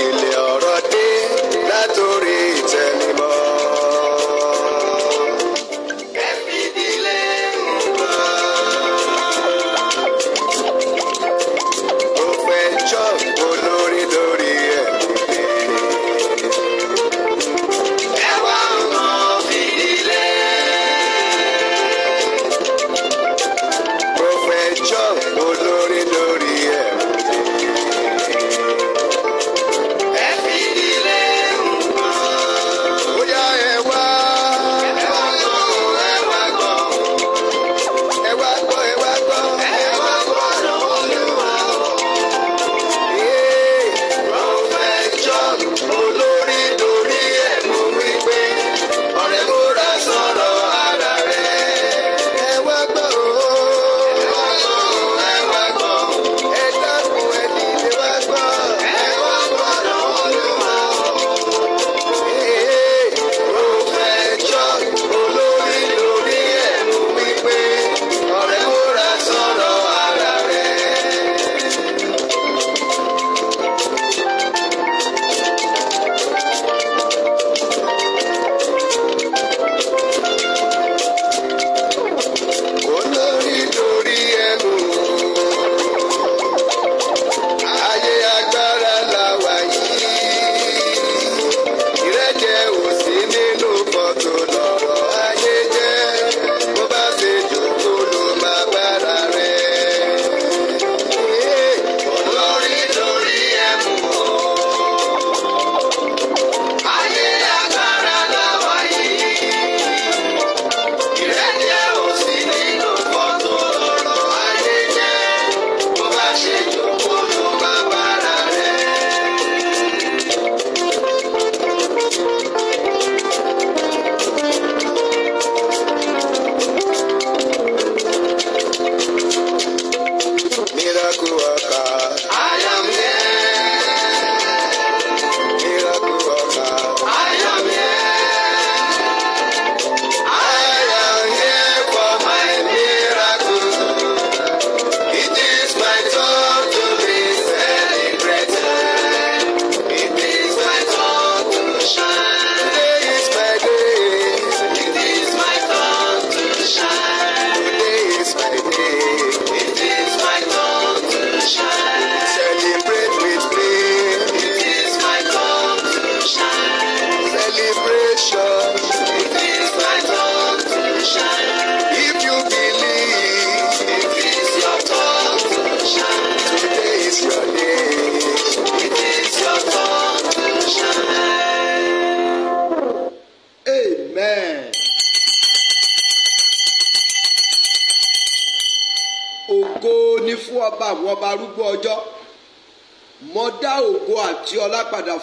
you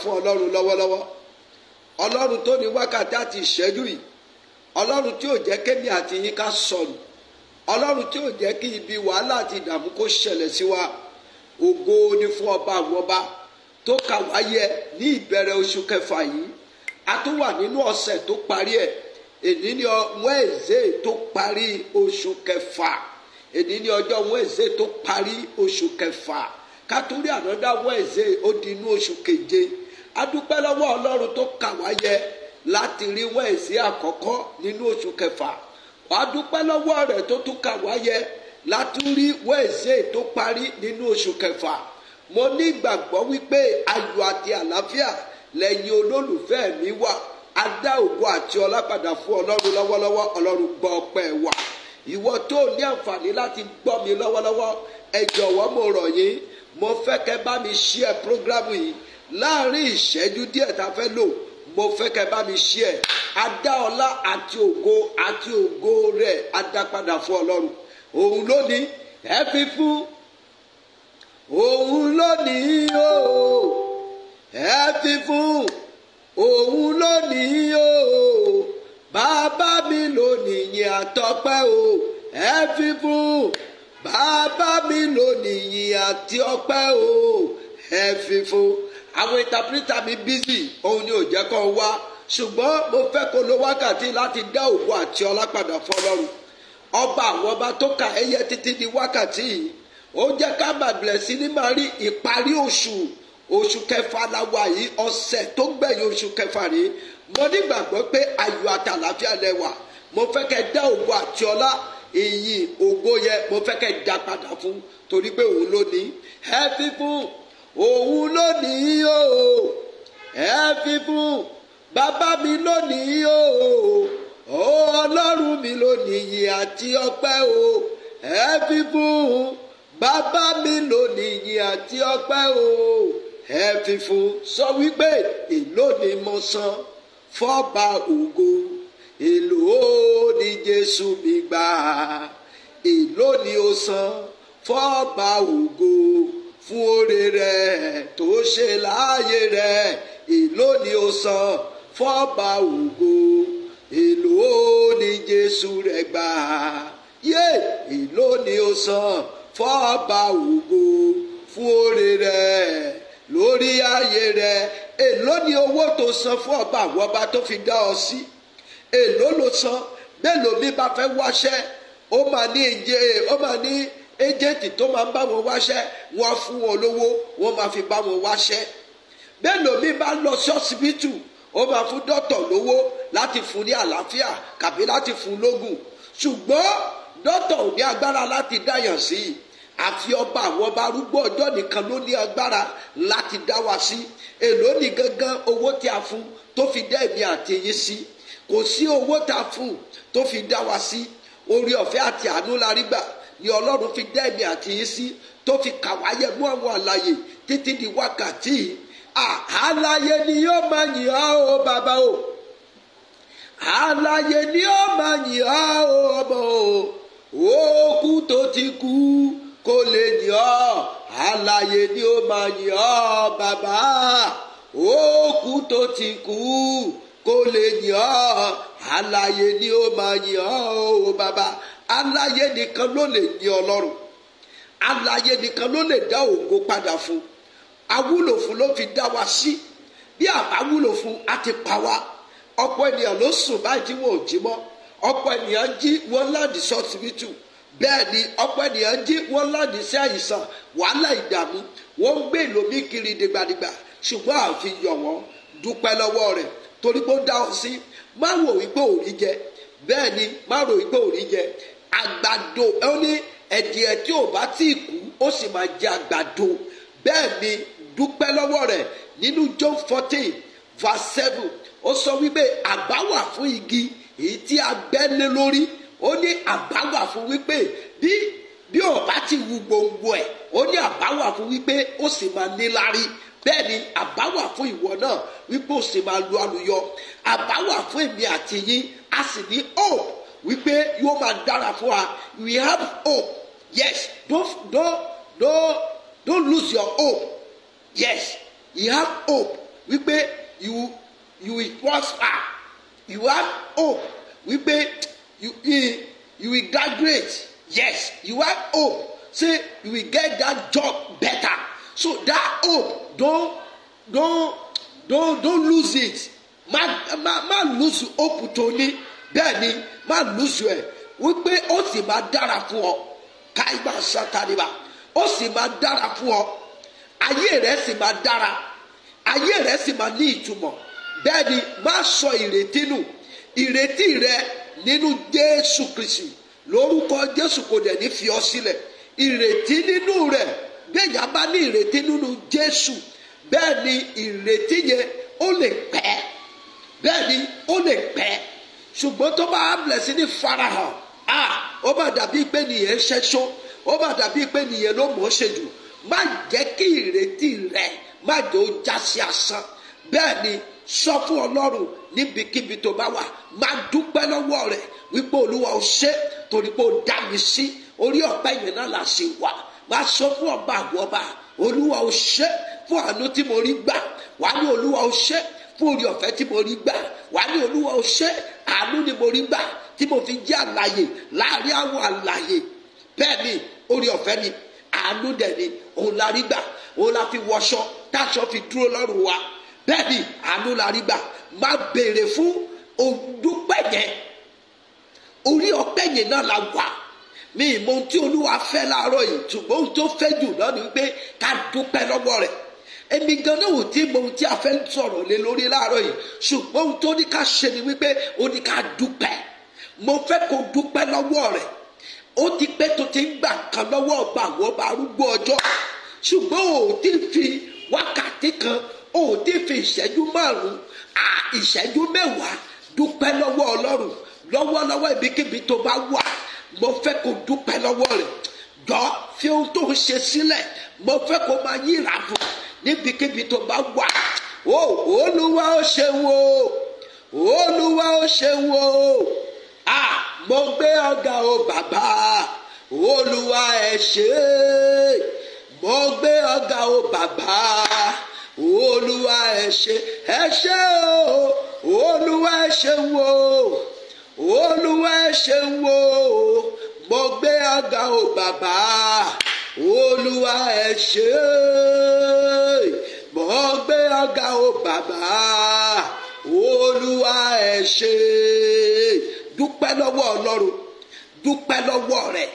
fún ọlọ́run lọ́wọ́lọ́wọ́ ọlọ́run tó ní wákàtí àti ìṣẹ́jú yìí ọlọ́run tí ò jẹ́ kémi àti yín ká sọnù ọlọ́run tí ò jẹ́ kí ibi wàhálà àti ìdààmú kó ṣẹlẹ̀ sí wa ògo ni fún ọba àwọn ọba tó kà wáyé ní ìbẹ̀rẹ̀ oṣù kẹfà yìí a tún wà nínú ọ̀sẹ̀ tó parí ẹ̀ èní ni wẹ́ẹ̀zẹ̀ tó parí oṣù kẹfà èní ni ọjọ́ wẹ́ẹ̀zẹ̀ tó parí oṣù kẹfà ká ànádá wẹ́ẹ̀zẹ̀ ó di inú oṣù keje adúpẹ́ lọ́wọ́ ọlọ́run tó kà wá yẹ láti rí wẹ̀sí àkọ́kọ́ nínú oṣù kẹfà adúpẹ́ lọ́wọ́ rẹ̀ tó tún kà wá yẹ láti rí wẹ̀sí tó parí nínú oṣù kẹfà mo ní ìgbàgbọ́ wípé ayọ̀ àti àlàáfíà lẹ́yìn olólùfẹ́ mi wà á dá ògo àti ọlá fún ọlọ́run lọ́wọ́lọ́wọ́ ọlọ́run gbọ́ ọpẹ́ wa ìwọ tó ní àǹfààní láti gbọ́ mi lọ́wọ́lọ́wọ́ ẹ jọ̀wọ́ mo rọ̀ yín mo fẹ́ kẹ́ bá mi ṣí ẹ prógrámù yìí láàrin ìṣẹ́jú díẹ̀ tá a fẹ́ lò mo fẹ́ kẹ́ bá mi ṣí ẹ̀ adá ọlá àti ògo àti ògo rẹ̀ adá padà fún ọlọ́run òun ló ní ẹ fi fún òun ló ní o ẹ fi fún òun ló ní o bàbá mi ló nìyẹn àtọ́pẹ́ o ẹ fi fún bàbá mi ló nìyẹn àti o ẹ fi fún àwọn ìtàpínítà mi bísí òun ni ò jẹ́ kó o wá ṣùgbọ́n mo fẹ́ kó lo wákàtí láti dá ògo àti ọlá padà fọlọ́run ọba àwọn ọba tó kà ẹyẹ títí di wákàtí yìí ó jẹ́ ká bàbẹ̀rẹ̀ sí ní máa rí ìparí oṣù oṣù kẹfà la wà yìí ọ̀sẹ̀ tó gbẹ̀yìn oṣù kẹfà rèé mo nígbàgbọ́ pé ayọ̀ àtàlàfíà lẹ wà mo fẹ́ kẹ́ dá ògo àti ọlá ìyìn ògo yẹ mo fẹ́ kẹ́ dá padà fún torí pé òun ló ní ẹ fífún òun lónìí o ẹ fi fún bàbá mi lónìí o ó ọlọ́run mi lónìí yìí àti ọpẹ́ o ẹ fi fún bàbá mi lónìí yìí àti ọpẹ́ o ẹ fi fún sọ wípé èló mo san fọ́ba ògo èló ni Jésù mi gbà èló o san fọ́ba ògo fún oore rẹ̀ tó ṣe láàyè rẹ̀ èló ni ó san fọ́ba ògo èló ni Jésù rẹ̀ gbà yé èló ni ó san fọ́ba ògo fún oore rẹ̀ lórí ayé rẹ̀ èló ni owó tó san fún ọba àwọn ọba tó fi dá ọ sí èló ló san bẹ́ẹ̀ lómi bá fẹ́ wáṣẹ́ ó máa ní ìjẹ́ ó máa ní éjẹ̀ǹtì tó máa ń bá wọn wáṣẹ́ wọ́n fún wọn lówó wọ́n máa fi bá wọn wáṣẹ́ bẹ́ẹ̀ lómi bá lọ sí ọsibítù ó máa fún dọ́tọ̀ lówó láti fún ní àlàáfíà kàbí láti fún lógùn ṣùgbọ́n dọ́tọ̀ ò ní agbára láti dáyàn sí i àfi ọba àwọn ọba arúgbó ọjọ́ nìkan ló ní agbára láti dá wa sí èló ní gangan owó tí a fún tó fi dá èmi àti yín sí kò sí owó tá a fún tó fi dá wa sí orí ọ̀fẹ́ àti àánú la rí gbà ni ọlọ́run fi dá èmi àti yín sí tó fi kà wáyé mú àwọn àlàyé títí di wákàtí yìí àlàyé ni yóò máa yìn á o bàbá o àlàyé ni yóò máa yìn á o ọmọ o òkú tó ti kú kò lè yìn ọ́ àlàyé ni yóò máa yìn ọ́ bàbá òkú tó ti kú kò lè yìn ọ́ àlàyé ni yóò máa yìn ọ́ o bàbá aláyé nìkan ló lè ní ọlọ́run aláyé nìkan ló lè dá ògo padà fún awúlò fún ló fi dá wa sí bí àbáwúlò fún á ti pa wá ọ̀pọ̀ ènìyàn ló sùn báyìí tí wọn ò jí mọ́ ọ̀pọ̀ ènìyàn jí wọn láàdì sọ́ọ̀tìmítù bẹ́ẹ̀ ni ọ̀pọ̀ ènìyàn jí wọn láàdì sí àìsàn wàhálà ìdààmú wọn ń gbé ìlòmí kiri dìgbàdìgbà ṣùgbọ́n àfi yọ̀ wọ́n dúpẹ́ lọ́wọ́ rẹ̀ torí pé ó dá ọ sí má wò wípé òrí jẹ bẹ́ẹ̀ ni má rò wípé òrí jẹ àgbàdo ó ní ẹ̀dìyẹ tí ò bá tí ì kú ó sì máa jẹ àgbàdo bẹ́ẹ̀ ni dúpẹ́ lọ́wọ́ rẹ̀ nínú John fourteen verse seven ó sọ wípé àbá wà fún igi èyí tí a gbẹ́ lé lórí ó ní àbá wà fún wípé bí bí ò bá ti wu gbòǹgbò ẹ̀ ó ní àbá wà fún wípé ó sì máa níláárí bẹ́ẹ̀ ni àbá wà fún ìwọ náà wípé ó sì máa lu alùyọ àbá wà fún èmi àti yín a sì ní hope wípé yóò máa dára fún wa we have hope yes don't don't don't don't lose your hope yes We have hope wípé you you will prosper you have hope wípé you you you will graduate yes you have hope say you will get that job better so that hope don't don't don't don't lose it má má má lose hope tó ní má lùsù ẹ wípé ó sì máa dára fún ọ káyí máa ṣàtàlíbà ó sì máa dára fún ọ ayé rẹ sì máa dára ayé rẹ sì máa ní ìtumọ̀ bẹ́ẹ̀ ni má sọ ìrètí nù ìrètí rẹ nínú Jésù Kristi lórúkọ Jésù kò dẹ̀ ní fi ọ sílẹ̀ ìrètí nínú rẹ bẹ́ẹ̀ yà bá ní ìrètí nínú Jésù bẹ́ẹ̀ ni ìrètí yẹn ó lè pẹ́ bẹ́ẹ̀ ni ó lè pẹ́ ṣùgbọ́n tó bá bẹ̀rẹ̀ sí ní farahàn a ó bá dàbí pé nìyẹn ṣẹ́ṣó ó bá dàbí pé nìyẹn ló mọ̀ ọ́ ṣe jù má jẹ́ kí ìrètí rẹ má jẹ́ ó já sí asán bẹ́ẹ̀ ni sọ fún ọlọ́run níbikíbi tó bá wà má dúpẹ́ lọ́wọ́ rẹ̀ wípé olúwa ò ṣe torí pé ó dá mi sí orí ọ̀pẹ yẹn náà là sì wà má sọ fún ọba àwọn ọba olúwa ò ṣe fún àánú tí mo rí gbà wà ní olúwa ò ṣe fún orí ọ̀fẹ́ tí mo rí gbà wà ní olúwa ò ṣe àánú ni mo rí gbà tí mo fi jẹ́ àlàyé láàrin àwọn àlàyé bẹ́ẹ̀ ni orí ọ̀fẹ́ ni àánú dẹ̀ ni òun la rí gbà òun la fi wọṣọ táṣọ fi dúró lọ́rùn wa bẹ́ẹ̀ ni àánú la rí gbà má béèrè fún òdúpẹ́ yẹn orí ọpẹ́ yẹn náà la wà mi ìmọ̀ ohun tí olúwa fẹ́ láàárọ̀ yìí ṣùgbọ́n ohun tó fẹ́ jù náà ni pé ká dúpẹ́ lọ́wọ́ rẹ̀ èmi gan náà ò tí mọ ohun tí a fẹ́ ń sọ̀rọ̀ lé lórí láàárọ̀ yìí ṣùgbọ́n ohun tó ní ká ṣe ni wípé ó ní ká dúpẹ́ mo fẹ́ kó dúpẹ́ lọ́wọ́ rẹ̀ ó ti pẹ́ tó ti ń gbà kan lọ́wọ́ ọgbà wọ́n bá arúgbó ọjọ́ ṣùgbọ́n ò tí fi wákàtí kan ò tí fi ìṣẹ́jú márùn-ún à ìṣẹ́jú mẹ́wàá dúpẹ́ lọ́wọ́ ọlọ́run lọ́wọ́lọ́wọ́ ibikíbi tó bá wà mo fẹ́ kó dúpẹ́ lọ́wọ́ rẹ̀ jọ fi ohun tó ń ṣe sílẹ̀ mo fẹ́ kó máa yíra fún un níbikíbi tó bá wà ó olúwa ó ṣeun o olúwa ó ṣeun o à mo gbé ọ̀gá o bàbá olúwa ẹ ṣé mo gbé ọ̀gá o bàbá olúwa ẹ ṣé ẹ ṣé o olúwa ẹ ṣeun o olúwa ẹ ṣeun o mo gbé ọ̀gá o bàbá olúwa ẹ ṣé mọ̀ gbé ọ̀gá o bàbá olúwa ẹ ṣé dúpẹ́ lọ́wọ́ ọlọ́run dúpẹ́ lọ́wọ́ rẹ̀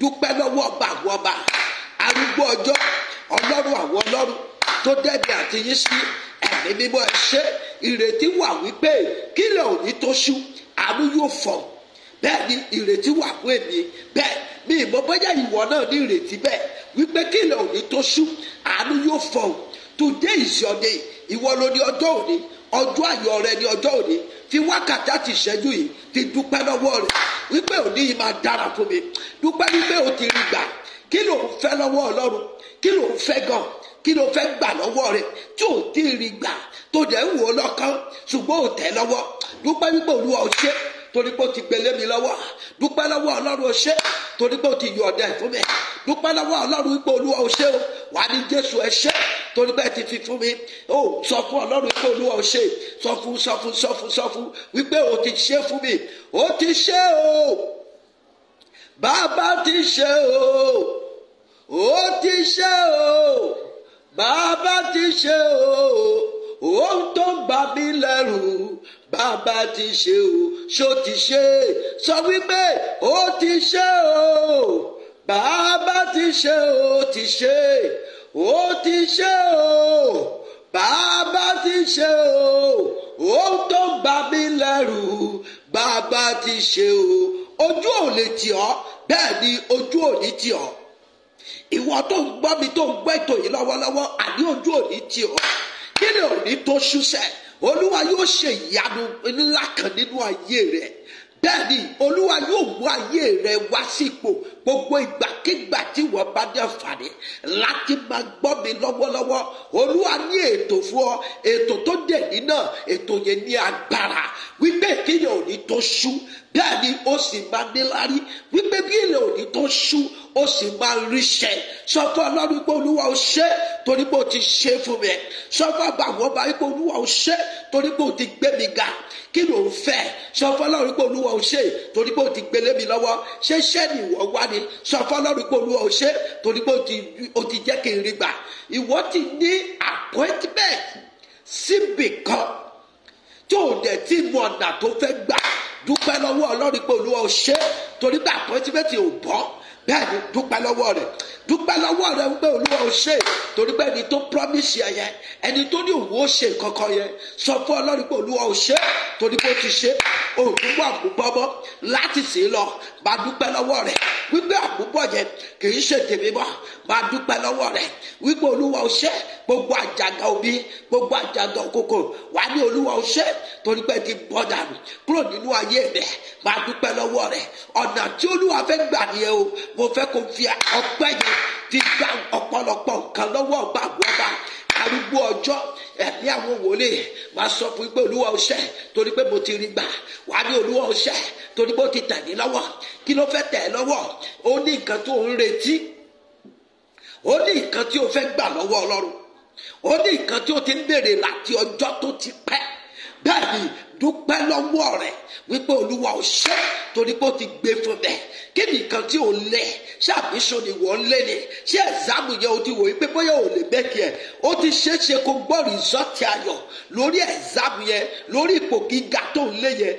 dúpẹ́ lọ́wọ́ ọba àwọn ọba arúgbó ọjọ́ ọlọ́run àwọn ọlọ́run tó dẹ́bi àti yín sí ẹ̀mí mímọ́ ẹ ṣé ìrètí wà wípé kílẹ̀ òní tó ṣú àánú yóò fọ̀ọ́ bẹ́ẹ̀ ni ìrètí wà fún èmi bẹ́ẹ̀ mi ìmọ̀ bóyá ìwọ náà ní ìrètí bẹ́ẹ̀ wípé kí ilẹ̀ òní tó ṣú àánú yóò fọ̀ ọ́ today is your day ìwọ ló ní ọjọ́ òní ọjọ́ àyọ̀ rẹ ní ọjọ́ òní fi wákàtí àti ìṣẹ́jú yìí fi dúpẹ́ lọ́wọ́ rẹ wípé òní yìí máa dára fún mi dúpẹ́ wípé o ti rí gbà kí ló ń fẹ́ lọ́wọ́ ọlọ́run kí ló ń fẹ́ gan kí ló fẹ́ gbà lọ́wọ́ rẹ tí ò tí ì rí gbà tó dẹ̀ ń wò ó lọ́kàn ṣùgbọ́n ò tẹ́ lọ́wọ́ dúpẹ́ wípé olúwa ò ṣe é torí pé o ti gbélé mi lọ́wọ́ dúpẹ́ lọ́wọ́ ọlọ́run o ṣé torí pé o ti yọ ọ̀dẹ fún mi dúpẹ́ lọ́wọ́ ọlọ́run wípé olúwa o ṣé o wà ní jésù ẹ ṣé torí pé ẹ ti fi fún mi o sọ fún ọlọ́run wípé olúwa o ṣé sọ fún sọ fún sọ fún sọ fún wípé o ti ṣe fún mi o ti ṣe o bàbá ti ṣe o o ti ṣe o bàbá ti ṣe o ohun tó ń bà mí lẹ́rù bàbá ti ṣe o ṣó ti ṣe sọ wípé ó ti ṣe o bàbá ti ṣe o ti ṣe ó ti ṣe o bàbá ti ṣe o ohun tó ń bà mí lẹ́rù bàbá ti ṣe o ojú ò lè tì ọ́ bẹ́ẹ̀ ni ojú ò ní tì ọ́ ìwọ tó ń gbọ́ mi tó ń gbọ́ ètò yìí lọ́wọ́lọ́wọ́ àní ojú ò ní tì ọ́ kí ni òní tó ṣúṣẹ olúwa yóò ṣe ìyanu ńlá kan nínú ayé rẹ bẹ́ẹ̀ ni olúwa yóò wú ayé rẹ wá sípò gbogbo ìgbàkigbà tí wọ́n bá dé fàdé láti máa gbọ́ mi lọ́wọ́lọ́wọ́ olúwa ní ètò fún ọ ètò tó dẹ̀ ní náà ètò yẹn ní agbára wípé kéèyàn ò ní tó ṣú bẹ́ẹ̀ ni ó sì máa níláárí wípé bí èèyàn tó ṣú ó sì máa ríṣẹ́ sọ fún ọlọ́run pé olúwa ò ṣe torí pé o ti ṣe fún mi sọ fún àgbà àwọn ọba pé olúwa ò ṣe torí pé o ti gbé mi ga kí ló ń fẹ́ sọ fọlọ́run pé olúwa ò ṣe torí pé o ti gbélé mi lọ́wọ́ ṣé ṣẹ́ ni ìwọ wá ni sọ fọlọ́run pé olúwa ò ṣe torí pé o ti jẹ́ kí n rí gbà ìwọ ti ní appointment síbì kan tí ò dẹ̀ tí mo ọ̀nà tó fẹ́ gbà dúpẹ́ lọ́wọ́ ọlọ́run pé olúwa ò ṣe torí pé appointment ò bọ́ bẹ́ẹ̀ ni dúpẹ́ lọ́wọ́ rẹ̀ dúpẹ́ lọ́wọ́ rẹ̀ wípé olúwa ò ṣe torí pé ẹni tó promise yẹ yẹn ẹni tó ní òun ó ṣe nǹkan kan yẹn sọ fún ọlọ́run pé olúwa ò ṣe torí pé ó ti ṣe òdúgbò àbúgbọ́ mọ́ láti sìn lọ máa dúpẹ́ lọ́wọ́ rẹ̀ wípé àbúgbọ́ yẹn kì í ṣe tèmi mọ́ máa dúpẹ́ lọ́wọ́ rẹ̀ wípé olúwa ò ṣe gbogbo àjàgà òbí gbogbo àjàgà òkòkò wà ní olúwa ò ṣe torí pé ti bọ́ dànù kúrò nínú ayé rẹ̀ máa dúpẹ́ lọ́wọ́ rẹ̀ ọ̀nà tí olúwa fẹ́ gbà nìyẹn o mo fẹ́ kó fi ọpẹ́ yẹn fi gba ọ̀pọ̀lọpọ̀ nǹkan lọ́wọ́ ọba àgbọ̀ba arúgbó ọjọ́ ẹ̀mí àwọn wòlíì wàá sọ fún pé olúwa ọṣẹ torí pé mo ti rí gbà wàá ní olúwa ọṣẹ torí pé ó ti tẹ̀ mí lọ́wọ́ kí ló fẹ́ tẹ̀ lọ́wọ́ ó ní nǹkan tó ń retí ó ní nǹkan tí ó fẹ́ gbà lọ́wọ́ ọlọ́run ó ní nǹkan tí ó ti ń béèrè láti ọjọ́ tó ti pẹ́ bẹ́ẹ̀ ni dúpẹ́ lọ́wọ́ rẹ̀ wípé olúwa ò ṣe torí pé ó ti gbé fún mi kí nìkan tí ò lẹ̀ ṣé àbíṣan ni wọ́n lé ni ṣé ẹ̀zámù yẹn o ti wò wípé bóyá ò lè bẹ́ẹ̀kì ẹ̀ ó ti ṣeé ṣe kó gbọ́ rìsọ́ọ̀tì ayọ̀ lórí ẹ̀zámù yẹn lórí ipò gíga tó ń lé yẹn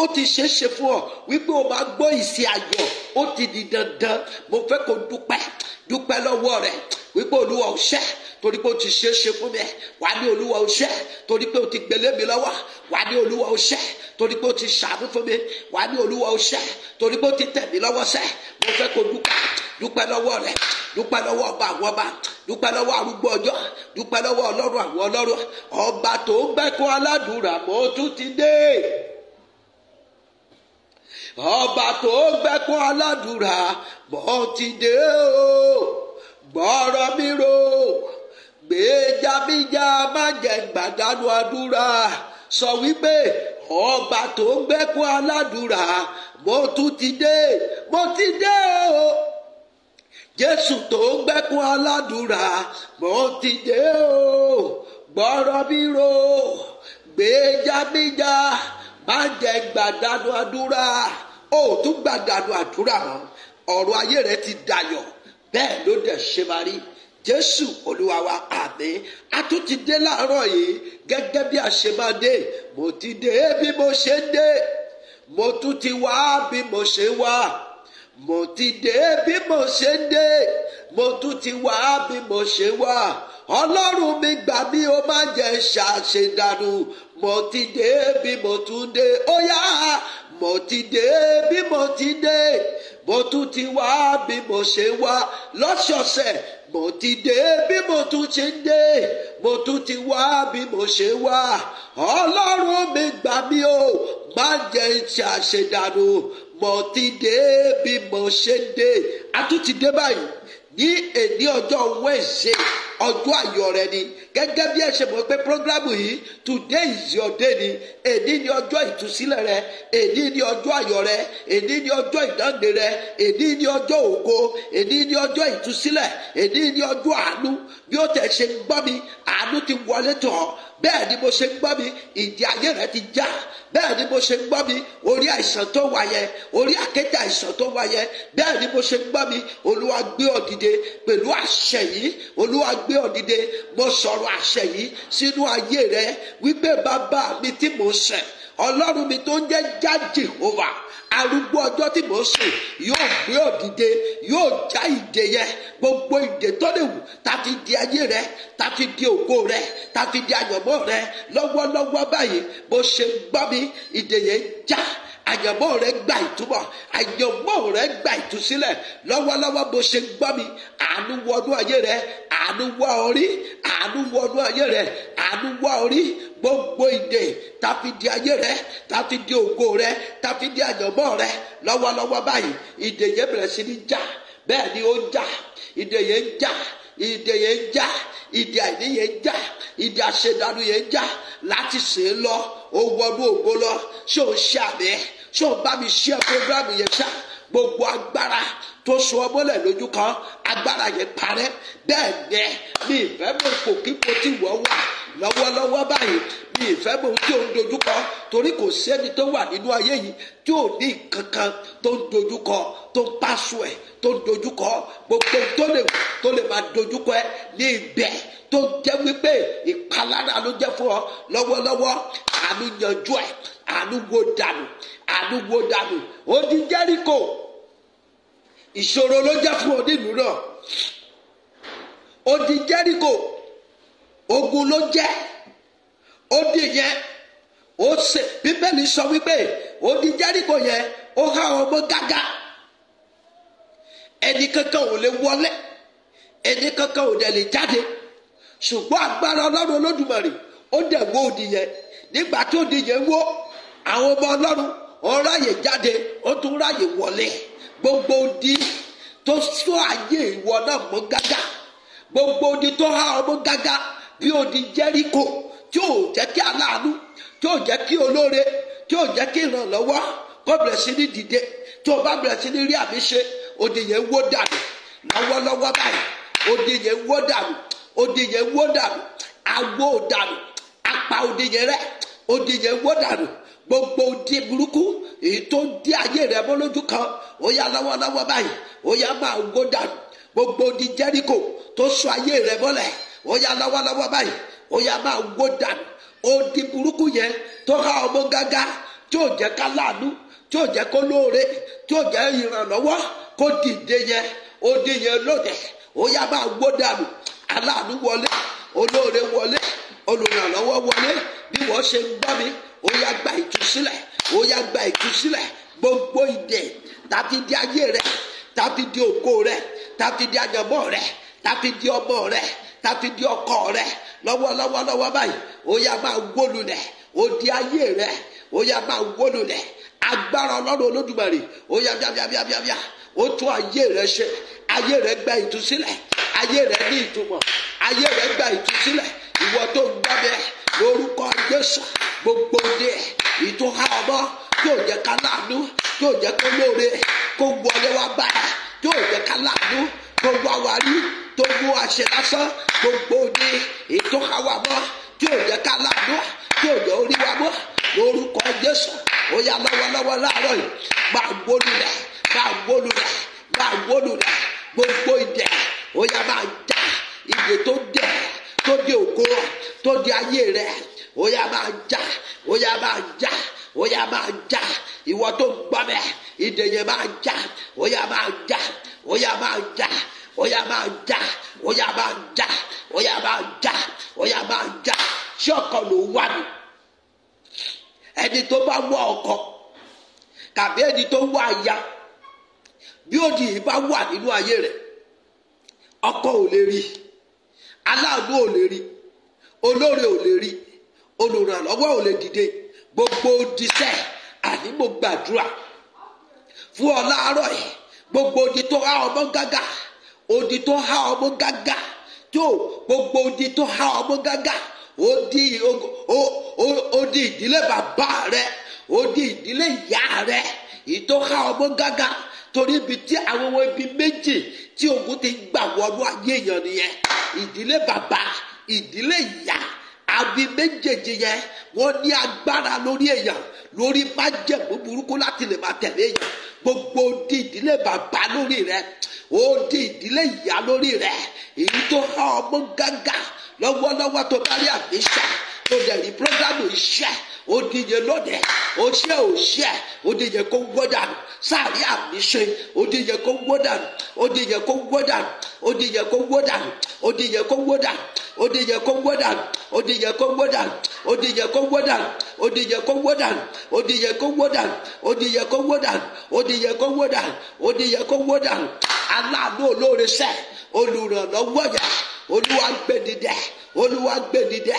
ó ti ṣeé ṣe fún ọ wípé o máa gbọ́ ìsì ayọ̀ ó ti di dandan mo fẹ́ kó dúpẹ́ dúpẹ́ lọ́wọ́ rẹ̀ wípé olúwa ò ṣẹ́ torí pé o ti ṣe é ṣe fún mi wà ní olúwa o ṣé torí pé o ti gbélé mi lọ́wọ́ wà ní olúwa o ṣé torí pé o ti ṣàánú fún mi wà ní olúwa o ṣé torí pé o ti tẹ̀ mí lọ́wọ́ ṣé mo fẹ́ kó dúpẹ́ dúpẹ́ lọ́wọ́ rẹ̀ dúpẹ́ lọ́wọ́ ọba àwọn ọba dúpẹ́ lọ́wọ́ arúgbó ọjọ́ dúpẹ́ lọ́wọ́ ọlọ́run àwọn ọlọ́run ọba tó ń gbẹ́kọ̀ aládùúrà mo tún ti dé ọba tó gbẹ́kún aládùúrà bọ́ ti dé o gbọ́rọ̀ mi ro gbèjàmíjà má jẹ́ gbàdánù àdúrà sọ wípé ọba tó gbẹ́kún aládùúrà mo tún ti dé mo ti dé o jésù tó gbẹ́kún aládùúrà mo ti dé o gbọ́rọ̀ mi ro gbèjàmíjà má jẹ́ gbàdánù àdúrà o ò tún gbàdánù àdúrà mọ́ ọ̀rọ̀ ayé rẹ ti dayọ̀ bẹ́ẹ̀ ló dẹ̀ ṣe máa rí jésù olúwa wa àmín a tún ti dé láàárọ̀ yìí gẹ́gẹ́ bí a ṣe máa dé mo ti dé bí mo ṣe dé mo tún ti wá bí mo ṣe wá mo ti dé bí mo ṣe dé mo tún ti wá bí mo ṣe wá ọlọ́run mi gbà mí ó má jẹ́ ṣàṣedànù mo ti dé bí mo tún dé ó yá mo ti dé bí mo ti dé mo tún ti wá bí mo ṣe wá lọ́sọ̀ọ̀sẹ̀ mo ti dé bí mo tún ṣe ń dé mo tún ti wá bí mo ṣe wá ọlọ́run mi gbà mí o má jẹ́ ń àṣedànù mo ti dé bí mo ṣe dé a tún ti dé báyìí ní èdè ọjọ́ Wednesday ọjọ́ àyọ̀ rẹ ni gẹ́gẹ́ bí ẹ ṣe mọ̀ pé programu yìí today is your day ni èdí ni ọjọ́ ìtúsílẹ̀ rẹ èdí ni ọjọ́ àyọ̀ rẹ èdí ni ọjọ́ ìdáǹdè rẹ èdí ni ọjọ́ ògo èdí ni ọjọ́ ìtúsílẹ̀ èdí ni ọjọ́ àánú bí ó tẹ̀ ṣe gbọ́ mi àánú ti wọlé tọ̀ bẹ́ẹ̀ ni mo ṣe ń gbọ́ mi ìdí ayé rẹ ti já bẹ́ẹ̀ ni mo ṣe ń gbọ́ mi orí àìsàn tó wà yẹn orí àkéte àìsàn tó wà yẹn bẹ́ẹ̀ ni mo ṣe ń gbọ́ mi olúwa gbé ọ dìde pẹ̀lú àṣẹ yìí olúwa gbé ọ dìde mo sọ̀rọ̀ àṣẹ yìí sínú ayé rẹ wípé bàbá mi tí mo sẹ̀ ọlọ́run mi tó ń jẹ́ já jehova arúgbó ọjọ́ tí mò ń sùn yóò gbé òdìdè yóò já ìdè yẹn gbogbo ìdè tó lè wù tàti di ayé rẹ tàti di ògo rẹ tàti di àyànmọ́ rẹ lọ́wọ́lọ́wọ́ báyìí bó ṣe gbọ́ mi ìdè yẹn já. Ja àyànmọ́ rẹ gba ìtumọ̀ àyànmọ́ rẹ gba ìtúsílẹ̀ lọ́wọ́lọ́wọ́ bó ṣe gbọ́ mi àánú wọnú ayé rẹ àánú wọ orí àánú wọnú ayé rẹ àánú wọ orí gbogbo ìdè tàfi di ayé rẹ tàfi di ògo rẹ tàfi di àyànmọ́ rẹ lọ́wọ́lọ́wọ́ báyìí ìdè yẹn bẹ̀rẹ̀ sí ní jà bẹ́ẹ̀ ni ó ń jà ìdè yẹn ń jà ìdè yẹn ń jà ìdè àìní yẹn ń ìdè àṣedànù yẹn ń láti ṣe é lọ ó wọnú ògo lọ ṣé ò ń ṣàmì ṣé o bá mi ṣe program yẹn ṣá gbogbo agbára tó so ọmọlẹ̀ lójú kan agbára yẹn parẹ́ bẹ́ẹ̀ ni mi ìfẹ́ mọ̀ kò kíkó tí wọ́n wà lọ́wọ́lọ́wọ́ báyìí mi ìfẹ́ mọ̀ tí ò ń dojúkọ torí kò sẹ́ni tó wà nínú ayé yìí tí ò ní kankan tó ń dojúkọ tó ń pàṣọ ẹ̀ tó ń dojúkọ gbogbo tó lè tó lè máa dojúkọ ẹ ní ibẹ̀ tó jẹ́ wípé ìpalára ló jẹ́ fún ọ lọ́wọ́lọ́wọ́ àánú yanjú ẹ̀ àánú wo dànù àdúgbò dànù ó di Jẹ́ríkò ìṣòro ló jẹ́ fún onílù náà ó di Jẹ́ríkò ogun ló jẹ́ ó di yẹn ó ṣe bíbélì sọ wípé ó di Jẹ́ríkò yẹn ó há ọmọ gágá ẹni kankan ò lè wọlé ẹni kankan ò dẹ̀ lè jáde ṣùgbọ́n agbára ọlọ́run olódùmarè ó dẹ̀ wó òdì yẹn nígbà tó di yẹn wó àwọn ọmọ ọlọ́run ó ráyè jáde ó tún ráyè wọlé gbogbo di tó sọ ayé ìwọ náà mọ́ gágá gbogbo odi tó há ọmọ gágá bí di Jẹ́ríkò tí ò jẹ́ kí aláàánú tí ò jẹ́ kí olóore tí ò jẹ́ kí ìrànlọ́wọ́ kó sí ní dìde bá sí ní rí àmì ṣe wó dànù báyìí wó dànù wó dànù dànù rẹ wó dànù gbogbo ndị burúkú èyí tó di ayé rẹ bọ́ lójú kan ó yá lọ́wọ́lọ́wọ́ báyìí ó yá máa wó dànù gbogbo di jẹ́ríkò tó sọ ayé rẹ bọ́lẹ̀ ó ya lọ́wọ́lọ́wọ́ báyìí ó ya máa wó dànù ó di burúkú yẹn tó ha ọmọ gágá tí ò ka ká tí tí di yẹn lóde ó máa wó dànù aláàánú wọlé olóore wọlé wọlé bí ṣe ń ó yá gba ìtúsílẹ̀ ó yá gba ìtúsílẹ̀ gbogbo ìdè tàbí di ayé rẹ tàbí di ògo rẹ tàbí di àjọmọ́ rẹ tàbí di ọmọ rẹ tàbí di ọkọ rẹ lọ́wọ́lọ́wọ́ lọ́wọ́ báyìí ó yá máa wólu rẹ ó di ayé rẹ ó yá máa wólu rẹ agbára ọlọ́run olódùmarè ó yá bíabíabíabíà ó tún ayé rẹ ṣe ayé rẹ gba ìtúsílẹ̀ ayé rẹ ní ìtumọ̀ ayé rẹ gba ìtúsílẹ̀ ìwọ tó ń gbábẹ́ lórúkọ Jésù gbogbo ní ẹ̀ ìtúhá ọmọ yóò jẹ́ ká láàánú yóò jẹ́ kó lóore kó wọlé wá bára yóò jẹ́ ká láàánú gbogbo àwárí tó mú àṣẹ lásán gbogbo ní ìtúhá wa mọ́ yóò jẹ́ ká láàánú yóò jẹ́ orí wa mọ́ lórúkọ Jésù ó yá lọ́wọ́lọ́wọ́ láàárọ̀ yìí máa gbónú rẹ̀ máa gbónú rẹ̀ máa gbónú rẹ̀ gbogbo ìdẹ̀ ó yá máa já ìdè tó dẹ̀ tó di ògo tó di ayé rẹ ó yá máa jà ó yá máa jà ó yá máa jà ìwọ tó ń gbọ́ bẹ́ẹ̀ ìdè yẹn ó ó ó ó ó wà ní ẹni tó bá wọ ọkọ tàbí ẹni tó wọ bí òdì yìí bá wà nínú ayé rẹ ọkọ ò lè aláàánú ò lè rí olóore ò lè rí olùrànlọ́wọ́ ò lè dìde gbogbo diṣẹ́ àní mo gbàdúrà fún ọ láàárọ̀ yìí gbogbo odi tó há ọmọ gágà odi tó há ọmọ gágà tó gbogbo odi tó há ọmọ gágà odi odi ìdílé bàbá rẹ odi ìdílé ìyá rẹ ìtó há ọmọ gágà torí ibi tí àwọn ibi méjì tí òun ti gbà wọnú ayé èèyàn nìyẹn ìdílé bàbá ìdílé ìyá àbí méjèèjì yẹn wọ́n ní agbára lórí èèyàn lórí májẹ̀mú burúkú láti lè máa tẹ̀lé èèyàn gbogbo di ìdílé bàbá lórí rẹ ó di ìdílé ìyá lórí rẹ èyí tó há ọmọ gángá lọ́wọ́lọ́wọ́ tó bá rí àmì ṣá tó dẹ̀ rí programu iṣẹ́ ó dìye lóde ó ṣe ó ṣe ó kó gbọ́dọ̀ sáré àníṣe ó di yẹ kó wó dànù ó di yẹ kó wó dànù ó di yẹ kó wó dànù ó di yẹ kó wó dànù ó di yẹ kó wó dànù ó di yẹ kó wó dànù ó di yẹ kó wó dànù ó di kó wó dànù kó wó dànù kó wó dànù kó wó dànù kó wó aláàánú olóore sẹ olùrànlọ́wọ́ yẹ olúwa gbé dìde olúwa gbé dìde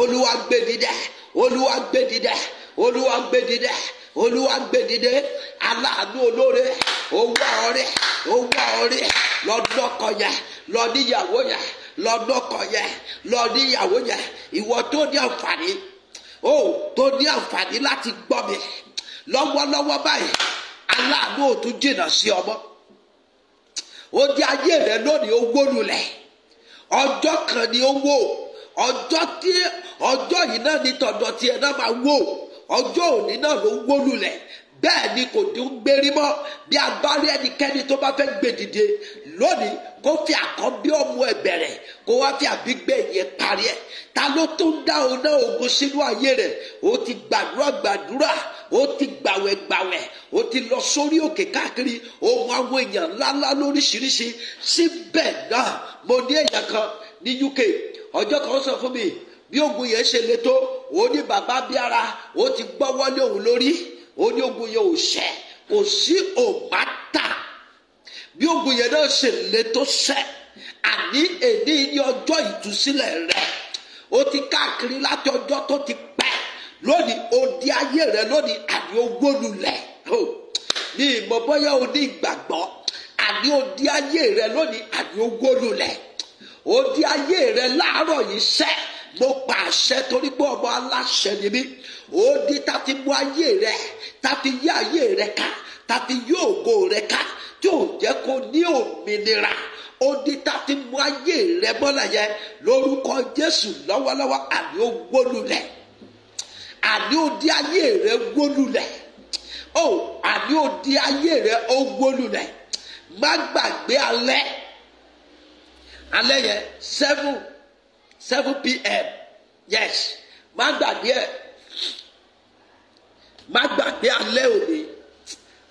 olúwa gbé dìde olúwa gbé dìde olúwa gbé dìde. olúwa gbèdéde aláàánú olóore owó ọrẹ owó ọrẹ lọ́dún ọkọ yẹn lọ́dún ìwọ tó ní àǹfààní ó tó ní àǹfààní láti gbọ́ mi lọ́wọ́lọ́wọ́ báyìí aláàánú ò tún jìnnà sí ọmọ o di ayé rẹ lónìí ó wó ọjọ́ kan ni ó wó ọjọ́ yìí náà ní tọ̀dọ̀ tiẹ̀ náà máa ọjọ́ òní náà ló wó lulẹ̀ bẹ́ẹ̀ ni kò dín gbérí mọ́ bí a bá rí ẹnikẹ́ni tó bá fẹ́ gbé dìde lónìí kó fi àkọ́bí ọmọ ẹ̀ bẹ̀rẹ̀ kó wá fi àbígbé yẹn parí ẹ̀ ta ló tó ń dá òun náà ogun sínú ayé rẹ̀ ó ti gbàdúrà gbàdúrà ó ti gbàwẹ̀ gbàwẹ̀ ó ti lọ sórí òkè káàkiri ohun àwọn èèyàn ńláńlá lóríṣiríṣi síbẹ̀ náà mo ní èèyàn kan ní UK ọjọ́ kan sọ fún mi bí ogun yẹn ṣe le tó ó ní bàbá bíara o ti gbọ́ wọlé òun lórí ó ní ogun yẹn ò ṣẹ kò sí ògbátà bí ogun yẹn náà ṣe le tó ṣẹ àní èdè ní ọjọ́ ìtúsílẹ̀ rẹ̀ ó ti káàkiri láti ọjọ́ tó ti pẹ́ lónìí odi ayé rẹ̀ lónìí àní ogbólulẹ̀ ní ìmọ̀ bóyá o ní ìgbàgbọ́ àní odi ayé rẹ̀ lónìí àní ogbólulẹ̀ odi ayé rẹ̀ láàárọ̀ yìí ṣẹ́ mo pa àṣẹ torí pé ọmọ aláṣẹ ni mí odi ta ti mú ayé rẹ ta ti yí ayé rẹ ká ta ti yí ògo rẹ ká tí ò jẹ́ kó ní òmìnira odi ta ti mú ayé rẹ mọ́lẹ̀ yẹn lórúkọ Jésù lọ́wọ́lọ́wọ́ àní ó gbólulẹ̀ àní ó di ayé rẹ gbólulẹ̀ ó àní ó di ayé rẹ ó gbólulẹ̀ má gbàgbé alẹ́ alẹ́ yẹn seven seven pm yes má gbàgbé ẹ má gbàgbé alẹ́ òní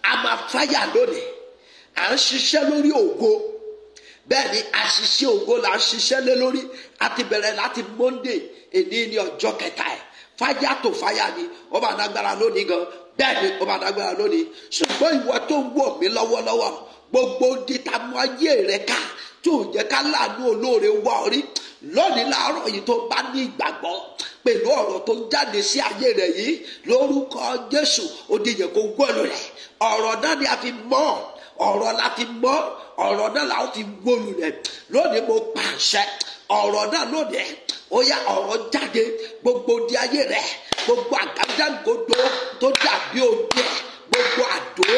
a máa fáyà lónìí à ń ṣiṣẹ́ lórí ògo bẹ́ẹ̀ ni àṣìṣe ògo là ń ṣiṣẹ́ lé lórí àti bẹ̀rẹ̀ láti monday èní ní ọjọ́ kẹta ẹ̀ fájà tó fáyà ni ó máa nágbára lónìí gan bẹ́ẹ̀ ni ó máa nágbára lónìí ṣùgbọ́n ìwọ tó ń wò mí lọ́wọ́lọ́wọ́ gbogbo dìtàmú ayé rẹ ká tí ò jẹ́ ká láàánú olóore wá ọ rí lónìí láàárọ̀ yìí tó bá ní ìgbàgbọ́ pẹ̀lú ọ̀rọ̀ tó ń jáde sí ayé rẹ̀ yìí lórúkọ Jésù òdìyẹ kò gbọ́lù rẹ̀ ọ̀rọ̀ náà ni a fi mọ̀ ọ̀rọ̀ la fi mọ̀ ọ̀rọ̀ náà la fi gbọ́lù rẹ̀ lónìí mo pàṣẹ ọ̀rọ̀ náà lónìí ó yá ọ̀rọ̀ jáde gbogbo di ayé rẹ̀ gbogbo àgádágodo tó dàbí òde gbogbo àdó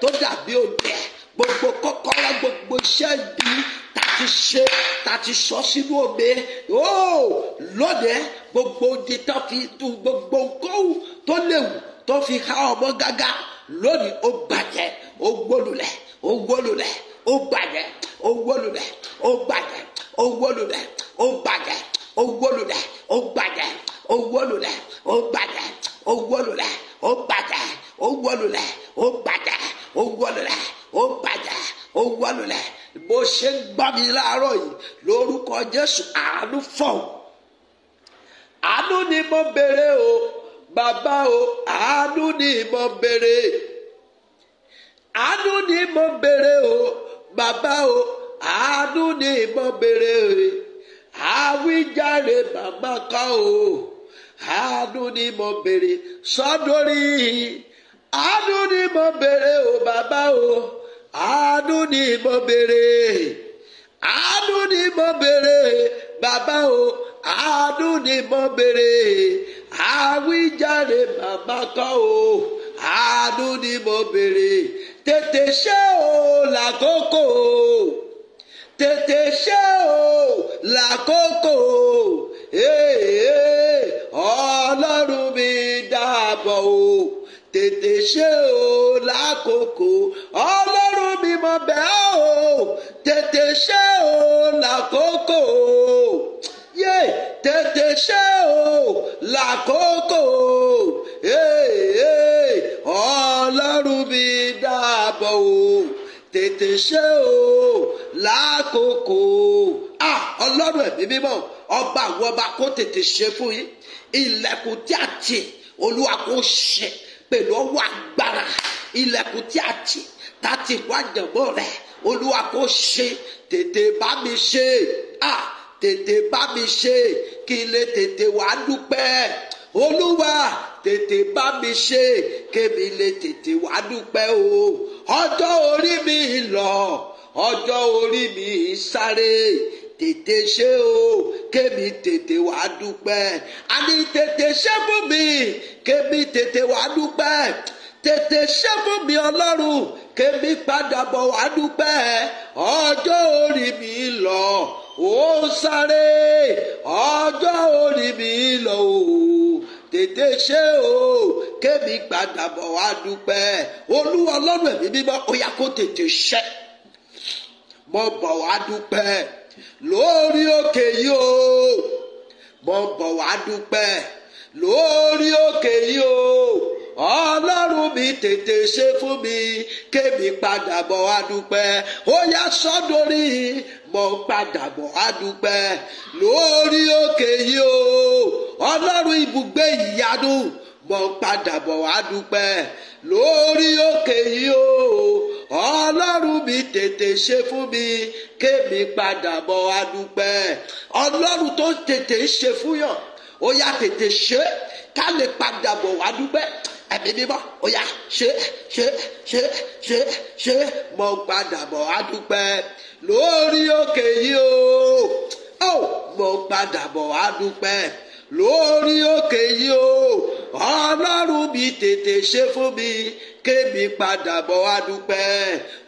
tó dàbí òde gbogbo kọ́kọ́rọ́ gbogbo iṣẹ́ ibi tá ti ṣe tá ti sọ sínú omi ó lónìí gbogbo odi tó fi gbogbo nkóhùn tó léwu tó fi há ọmọ gágá lónìí ó bàjẹ́ ó gbólulẹ̀ ó gbólulẹ̀ ó bàjẹ́ ó gbólulẹ̀ ó bàjẹ́ ó gbólulẹ̀ ó bàjẹ́ ó gbólulẹ̀ ó bàjẹ́ ó gbólulẹ̀ ó bàjẹ́ ó gbólulẹ̀ ó bàjẹ́ ó gbólulẹ̀ ó bàjẹ́ ó gbólulẹ̀ ó bàjẹ́ ó wọlùlẹ̀ bó ṣe ń gbọ́ mi láàárọ̀ yìí lórúkọ Jésù àánú fọ̀ àánú ni mo béèrè o bàbá o àánú ni mo béèrè àánú ni mo béèrè o bàbá o àánú ni mo béèrè àwíjàre bàbá kan o àánú ni mo béèrè sọdọ́rí àánú ni mo béèrè o bàbá o àánú ni mo béèrè àánú ni mo béèrè bàbá o àánú ni mo béèrè àwíjàre màmá kọ́ o àánú ni mo béèrè tètè ṣe o làkókò tètè ṣe o làkókò ọlọ́run mi dáàbò o tètè ṣe o lákòókò ọlọ́run mi mọ̀ bẹ́ẹ̀ o tètè ṣe o lákòókò yé tètè ṣe o lákòókò ọlọ́run mi dáàbò o tètè ṣe o lákòókò ọlọ́run ẹ̀mí mímọ́ ọba àwọn ọba kó tètè ṣe fún yín ilẹ̀kùn tí a tì olúwa kó ṣe pẹ̀lú ọwọ́ agbára ilẹ̀kùn tí a ti ta ti wá jẹ̀mọ́ rẹ̀ olúwa kò ṣe tètè bá mi ṣe à tètè bá mi ṣe kí n lè tètè wá dúpẹ́ olúwa tètè bá mi ṣe kémi lè tètè wá dúpẹ́ o ọjọ́ orí mi lọ ọjọ́ orí mi sáré tètè ṣe o kémi tètè wàá dúpẹ́ àní tètè ṣe fún mi kémi tètè wàá dúpẹ́ tètè ṣe fún mi ọlọ́run kémi padà bọ̀ wá dúpẹ́ ọjọ́ orí mi lọ ó sáré ọjọ́ orí mi lọ o tètè ṣe o kémi padà bọ̀ wá dúpẹ́ olúwa ọlọ́run ẹ̀mí mímọ́ ó yá kó tètè ṣe mo bọ̀ wá dúpẹ́ lórí òkè yìí o mo bọ̀ wá dúpẹ́ lórí òkè yìí o ọlọ́run mi tètè ṣe fún mi kémi padà bọ̀ wá dúpẹ́ ó yá sọ́dọ̀rí mo padà bọ̀ wá dúpẹ́ lórí òkè yìí o ọlọ́run ibùgbé ìyanu mo padà bọ̀ wá dúpẹ́ lórí òkè yìí o ọlọ́run mi tètè ṣe fún mi kémi padà bọ̀ adúpẹ́ ọlọ́run tó tètè ṣe fún yàn ó yá tètè ṣe ká lè padà bọ̀ wá dúpẹ́ ẹ̀mí mímọ́ ó yá ṣe ṣe ṣe ṣe ṣe mo padà bọ̀ wá dúpẹ́ lórí òkè yìí o ó mo padà bọ̀ wá dúpẹ́ lórí òkè yìí o ọlọ́run mi tètè ṣe fún mi kémi padà bọ̀ wá dúpẹ́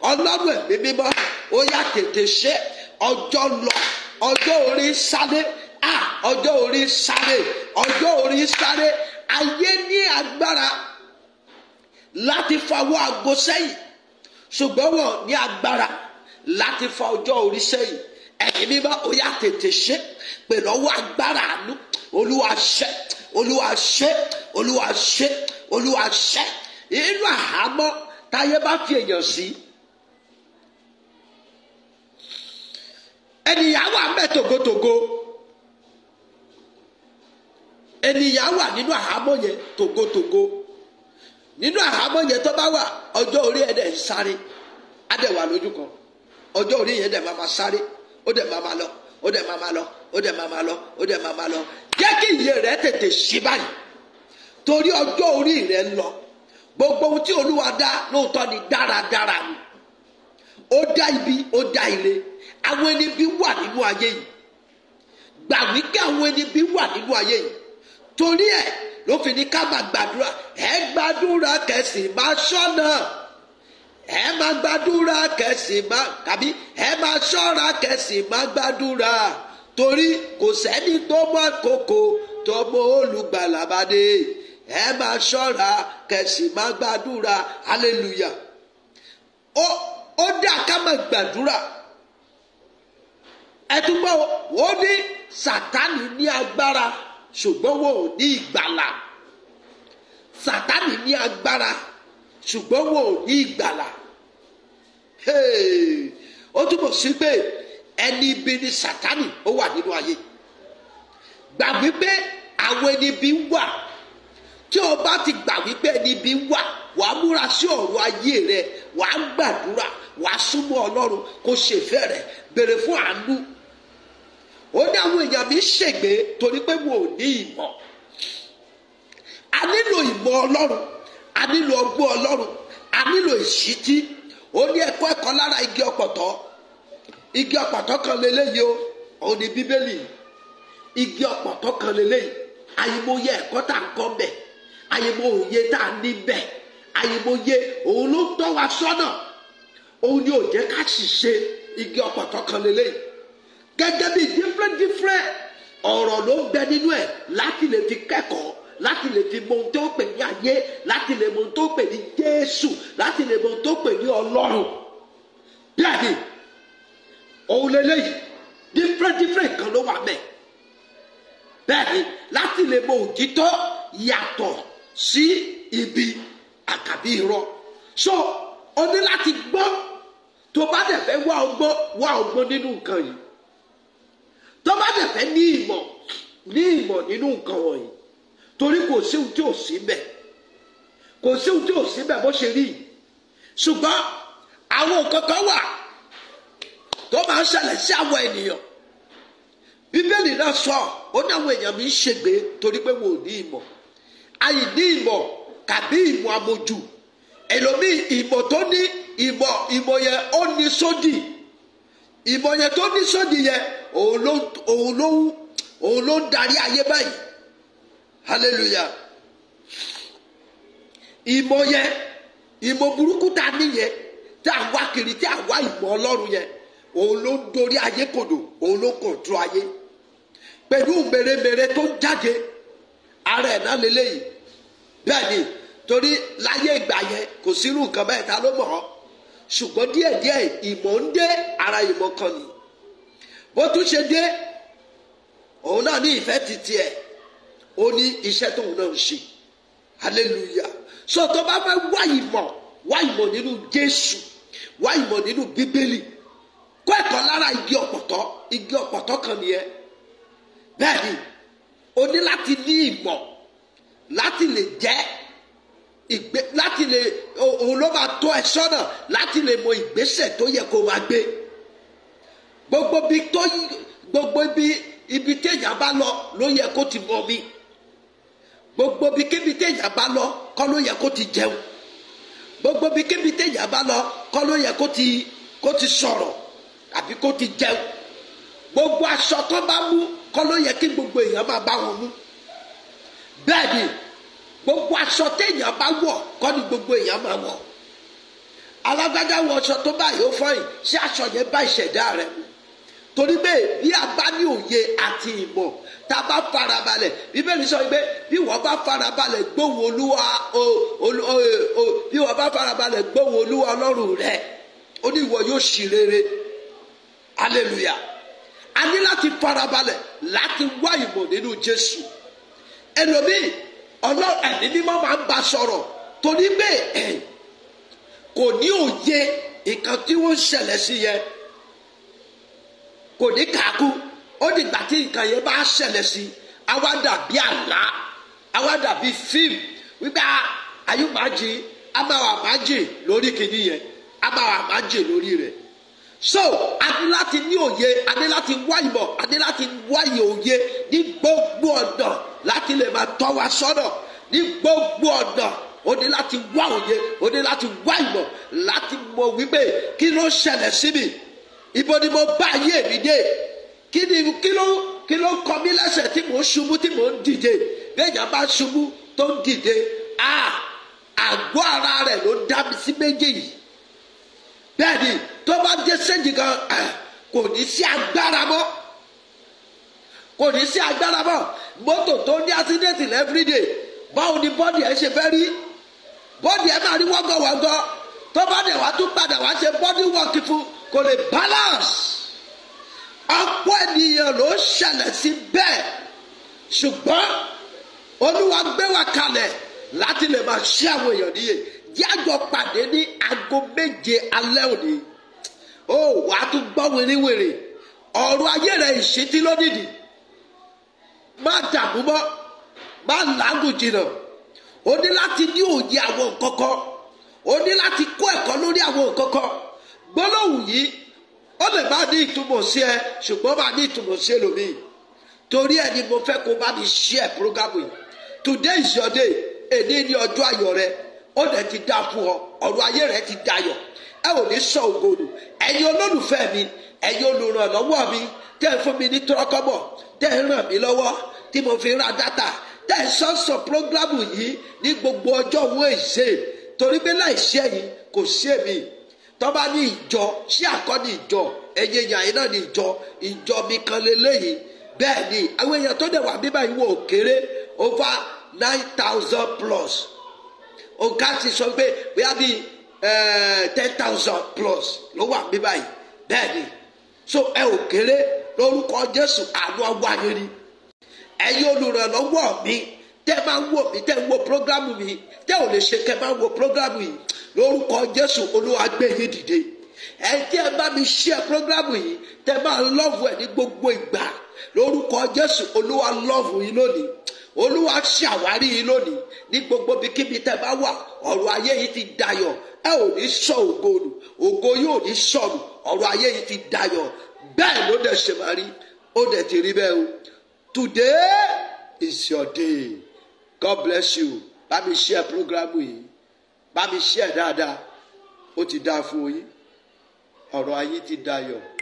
ọlọ́run ẹ̀mí mímọ́ ó yá tètè ṣe ọjọ́ lọ ọjọ́ orí sáré ah ọjọ́ orí sáré ọjọ́ orí sáré ayé ní agbára láti fawọ́ aago sẹ́yìn ṣùgbọ́n wọn ní agbára láti fa ọjọ́ orí sẹ́yìn ẹ̀mí mímọ́ ó yá tètè ṣe pẹ̀lú ọwọ́ agbára àánú. olúwa ṣẹ́ olúwa ṣẹ́ olúwa ṣẹ́ olúwa ṣẹ́ inú àhámọ́ táyé fi èèyàn si ènìyàn wà togo togo, ènìyàn n'inu nínú togo yẹn n'inu nínú àhámọ́ yẹn tó bá wà ọjọ́ orí ẹ̀ dẹ̀ ń sáré á dẹ̀ wà lójú kan ọjọ́ orí yẹn máa ma sáré ó máa ma lọ. ó dẹ̀ máa máa lọ ó dẹ̀ máa máa lọ ó dẹ̀ máa máa lọ jẹ́ kí ìyè rẹ tètè ṣí báyìí torí ọjọ́ orí rẹ ń lọ gbogbo ohun tí olúwa dá lóòótọ́ ni dáradára ni ó dá ibi ó dá ire àwọn ẹni bí wà nínú ayé yìí gbà wípé àwọn ẹni bí wà nínú ayé yìí torí ẹ̀ ló fi ní ká máa gbàdúrà ẹ gbàdúrà kẹsì máa ṣọ́nà ẹ máa gbàdúrà kẹsì máa tàbí ẹ máa ṣọ́ra kẹsì máa gbàdúrà torí kò sẹ́ni tó mọ̀ kókó tó mọ̀ olùgbàlà bá dé ẹ máa ṣọ́ra kẹsì máa gbàdúrà hallelujah ó ó dá ká máa gbàdúrà ẹtúgbọ́ ó ní sàtánì ní agbára ṣùgbọ́n wọn ò ìgbàlà sàtánì ní agbára ṣùgbọ́n wọn ò ní ìgbàlà ó túbọ̀ sí pé ẹni ibi ni sátánì ó wà nínú ayé gbà wípé àwọn ẹni ibi ń wà tí o bá ti gbà wípé ẹni ibi ń wà wà á múra sí ọ̀rọ̀ ayé rẹ wà á gbàdúrà wà á súnmọ́ ọlọ́run kó ṣèfẹ́ rẹ béèrè fún àánú ó ní àwọn èèyàn mi ṣègbè torí pé wọn ò ní ìmọ̀ a nílò ìmọ̀ ọlọ́run a nílò ọgbọ́n ọlọ́run a nílò ìṣítí ó ní ẹ̀kọ́ ẹ̀kọ́ lára igi ọ̀pọ̀tọ́ igi ọ̀pọ̀tọ́ kan lélẹ́yìí o òun ni bíbélì igi ọ̀pọ̀tọ́ kan lélẹ́yìí àyèmóye ẹ̀kọ́ tá à ń kọ́ bẹ̀ àyèmóye tá à ń ní bẹ̀ àyèmóye òun ló tọ́ wa sọ́nà òun ni ò jẹ́ ká sì ṣe igi ọ̀pọ̀tọ́ kan lélẹ́yìí gẹ́gẹ́ bí different different ọ̀rọ̀ ló ń bẹ nínú ẹ̀ láti lè fi kẹ́kọ̀ọ́ láti lè fi mọ ohun tó pè ní ayé láti lè mọ ohun tó pè ní Jésù láti lè mọ ohun tó pè ní Ọlọ́run bẹ́ẹ̀ni òun lélẹ́yìí different different kan ló wà mẹ́ bẹ́ẹ̀ni láti lè mọ òtítọ́ yàtọ̀ sí ibi àkàbí irọ́ so o ní láti gbọ́ tó bá dẹ̀ fẹ́ wá ọgbọ́n wá ọgbọ́n nínú nǹkan yìí tó bá dẹ̀ fẹ́ ní ìmọ̀ ní ìmọ̀ nínú nǹkan wọ̀nyí torí kò sí ohun tí ò sí bẹ̀ kò sí ohun tí ò sí bẹ̀ bó ṣe rí ṣùgbọ́n àwọn nǹkan kan wà tó máa ń ṣẹlẹ̀ sí àwọn ènìyàn bíbélì náà sọ ó ní àwọn èèyàn mi ń ṣègbè torí pé wọn ò ní ìmọ̀ àìní ìmọ̀ kàbí ìmọ̀ àmójù ẹlòmíì ìmọ̀ tó ní ìmọ̀ ìmọ̀ yẹn ó ní sódì ìmọ̀ yẹn tó ní sódì yẹn òun ló ń darí ayé báyìí hallelujah ìmọ̀ yẹn ìmọ̀ burúkú ta nìyẹn tá a wá kiri tá a wá ìmọ̀ ọlọ́run yẹn òun ló ń dorí ayé kodò òun ló ń kọ̀ọ̀tún ayé pẹ̀lú mèremère tó jáde ara ẹ̀ náà lélẹ́yìí bẹ́ẹ̀ ni torí láyé ìgbà yẹn kò sírú nǹkan bẹ́ẹ̀ ta ló mọ̀ ọ́ ṣùgbọ́n díẹ̀díẹ̀ ìmọ̀ ń dé ara ìmọ̀ kan ni bó tún ṣe dé òun náà ní ìfẹ́ ti tiẹ̀ ó ní iṣẹ́ tóun náà ń ṣe hallelujah so tó bá fẹ́ wá ìmọ̀ wá ìmọ̀ nínú Jésù wá ìmọ̀ nínú Bíbélì kọ́ ẹ̀kọ́ lára igi ọ̀pọ̀tọ́ igi ọ̀pọ̀tọ́ kan nìyẹn bẹ́ẹ̀ ni o ní láti ní ìmọ̀ láti lè jẹ́ ìgbé láti lè òun ló máa tó ẹ sọ́nà láti lè mọ ìgbésẹ̀ tó yẹ kó máa gbé gbogbo ibi tó gbogbo ibi ibi téèyàn bá lọ ló yẹ kó ti mọ mi gbogbo bí kébi téèyàn bá lọ kọ́ yẹ kó ti jẹun gbogbo bí kébi téèyàn bá lọ kọ́ yẹ kó ti kó ti sọ̀rọ̀ àbí kó ti jẹun gbogbo aṣọ tó bá mú kọ́ yẹ kí gbogbo èèyàn máa bá wọn mú gbogbo aṣọ téèyàn bá gbogbo èèyàn máa alágbádá wọ aṣọ tó báyìí ó fọyín aṣọ yẹn bá torí bẹ́ẹ̀ bí a bá ní òye àti ìmọ̀ tá a bá farabalẹ̀ bíbélì sọ pé bí wọ́n bá farabalẹ̀ gbóhùn olúwa bí wọ́n bá farabalẹ̀ gbóhùn olúwa ọlọ́run rẹ̀ ó ní ìwọ yóò ṣì rere hallelujah a ní láti farabalẹ̀ láti wá ìmọ̀ nínú jésù ẹlòmíì ọlọ́run ẹ̀mí mímọ́ máa ń bá sọ̀rọ̀ torí bẹ́ẹ̀ kò ní òye nǹkan tí wọ́n ń ṣẹlẹ̀ sí yẹn kò ní kàákú ó dìgbà tí nǹkan yẹn bá ṣẹlẹ̀ sí àwa dàbí àlá àwa dàbí fíìmù wípé àyùmájì ah, amáwàmájì lórí kìíní yẹn amáwàmájì lórí rẹ̀ so a ní láti ní òye a ní láti wá ìmọ̀ a ní láti wá òye ní gbogbo ọ̀nà láti lè máa tọ́ wa sọ́nà ní gbogbo ọ̀nà o ní láti wá òye o ní láti wá ìmọ̀ láti mọ̀ wípé kí ló ṣẹlẹ̀ sí mi ibo ni mo bá ayé mi dé kí ni kí ló kí ló kọ mí lẹ́sẹ̀ tí mò ń ṣubú tí mò ń dìde béèyàn bá ṣubú tó ń dìde a àgọ́ ara rẹ̀ ló dá mi sí méjèèjì bẹ́ẹ̀ ni tó bá dé séjì kan kò ní sí agbára mọ́ kò ní sí agbára mọ́ mọ́tò tó ní ásídẹ́ẹ̀tì lẹ́fírídẹ̀ báwo ni bọ́ọ̀dì ẹ̀ ṣe fẹ́ rí bọ́ọ̀dì ẹ̀ máa rí wọ́gọ̀wọ́gọ̀ tó bá dẹ̀ wá tún padà wá ṣe bọ́ọ̀dì wọ́ọ̀kì fún kò lè balance ọ̀pọ̀ ènìyàn ló ṣẹlẹ̀ sí bẹ́ẹ̀ ṣùgbọ́n olúwa gbé wa kalẹ̀ láti lè máa ṣí àwọn èèyàn níyè jájọ pàdé ní aago méje alẹ́ òní ó wà á tún gbọ́ wèrèwèrè ọ̀rọ̀ ayé rẹ̀ ìṣítí lódìdí má dààmú mọ́ má làágùn jìnnà o ní láti ní òye àwọn kọ̀kọ̀ o ní láti kó ẹ̀kọ́ lórí àwọn kọ̀kọ̀ gbólóhùn yìí ó lè má ní ìtumọ̀ sí ẹ ṣùgbọ́n má ní ìtumọ̀ sí ẹlòmíì torí ẹni mo fẹ́ kó bá mi share program yìí today is your day èdè ní ọjọ́ ayọ̀ rẹ ó dẹ̀ ti dá fún ọ ọ̀rọ̀ ayé rẹ ti dayọ̀ ẹ ò ní sọ ògòdò ẹ̀yin olólùfẹ́ mi ẹ̀yin olùrànlọ́wọ́ mi tẹ́ ẹ fún mi ní tọ́rọ́kọ́bọ̀ tẹ́ ẹ ràn mí lọ́wọ́ tí mo fi ra dátà tẹ́ ẹ sọ́sọ̀ prógrámù yìí ní gbogbo ọjọ́ owó èṣe torí pé láìsí ẹ̀yin kò sí èmi tọ́ba ní ìjọ ṣé àkọ́ni ìjọ ẹ̀yẹ yàrá náà ní ìjọ ìjọ mi kan lélẹ́yìn bẹ́ẹ̀ ni àwọn èèyàn tó dẹ̀ wà bíbá yìí wò ó kéré over nine thousand plus ọ̀gá ti sọ pé bóyá bí eh, ten thousand plus ló wà bíbá yìí bẹ́ẹ̀ ni so ẹ ò kéré lórúkọ Jésù àánú ọgbà yín ni ẹ̀yin olùrànlọ́wọ́ mi tẹ́ máa ń wò mí tẹ́ ń wo programu mi tẹ́ ò lè ṣe kẹ́ máa ń wo programu yìí lórúkọ Jésù Olúwa gbé yín dìde ẹ tí ẹ bá mi ṣe programu yìí tẹ́ máa ń lọ́ọ̀fù ẹ̀ ní gbogbo ìgbà lórúkọ Jésù Olúwa lọ́ọ̀fù yín lónìí olúwa ṣàwárí yìí lónìí ní gbogbo ibikíbi tẹ́ bá wà ọ̀rọ̀ ayé yìí ti dayọ̀ ẹ ò ní sọ ògo nù ògo yóò ní sọnù ọ̀rọ̀ ayé yìí ti dayọ̀ bẹ́ẹ̀ ló dẹ̀ ṣe máa rí ó dẹ̀ ti rí bẹ́ẹ̀ o today is your day. God bless you bá mi share programu yìí bá mi share dáadáa ó ti dáa fún yín ọ̀rọ̀ ayé ti dayọ̀.